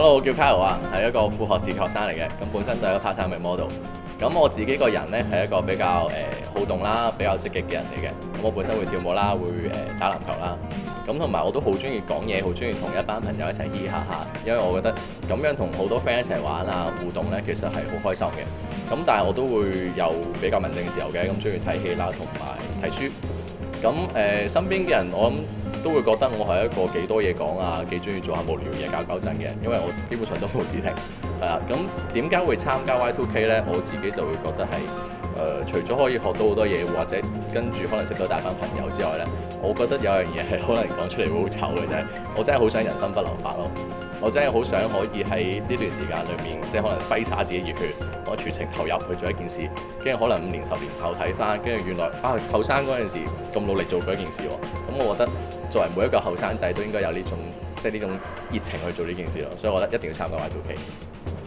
Hello，我叫 Kyle 啊，係一個副學士學生嚟嘅，咁本身就係個 part-time 嘅 model。咁我自己個人咧係一個比較誒、呃、好動啦，比較積極嘅人嚟嘅。咁我本身會跳舞啦，會誒、呃、打籃球啦。咁同埋我都好中意講嘢，好中意同一班朋友一齊嘻下下。因為我覺得咁樣同好多 friend 一齊玩啊，互動咧，其實係好開心嘅。咁但係我都會有比較文靜時候嘅，咁中意睇戲啦，同埋睇書。咁誒、呃、身邊嘅人我都會覺得我係一個幾多嘢講啊，幾中意做下無聊嘢搞搞震嘅。因為我基本上都冇事聽係啦。咁點解會參加 Y Two K 呢？我自己就會覺得係誒、呃，除咗可以學到好多嘢，或者跟住可能識到大班朋友之外呢，我覺得有樣嘢係可能講出嚟會好醜嘅就係我真係好想人生不留白咯。我真係好想可以喺呢段時間裡面，即係可能揮灑自己熱血，我全情投入去做一件事，跟住可能五年十年後睇翻，跟住原來啊後生嗰陣時咁努力做嗰一件事喎。咁、啊、我覺得。作為每一個後生仔，都應該有呢種即係呢種熱情去做呢件事咯，所以我覺得一定要參加埋套戲。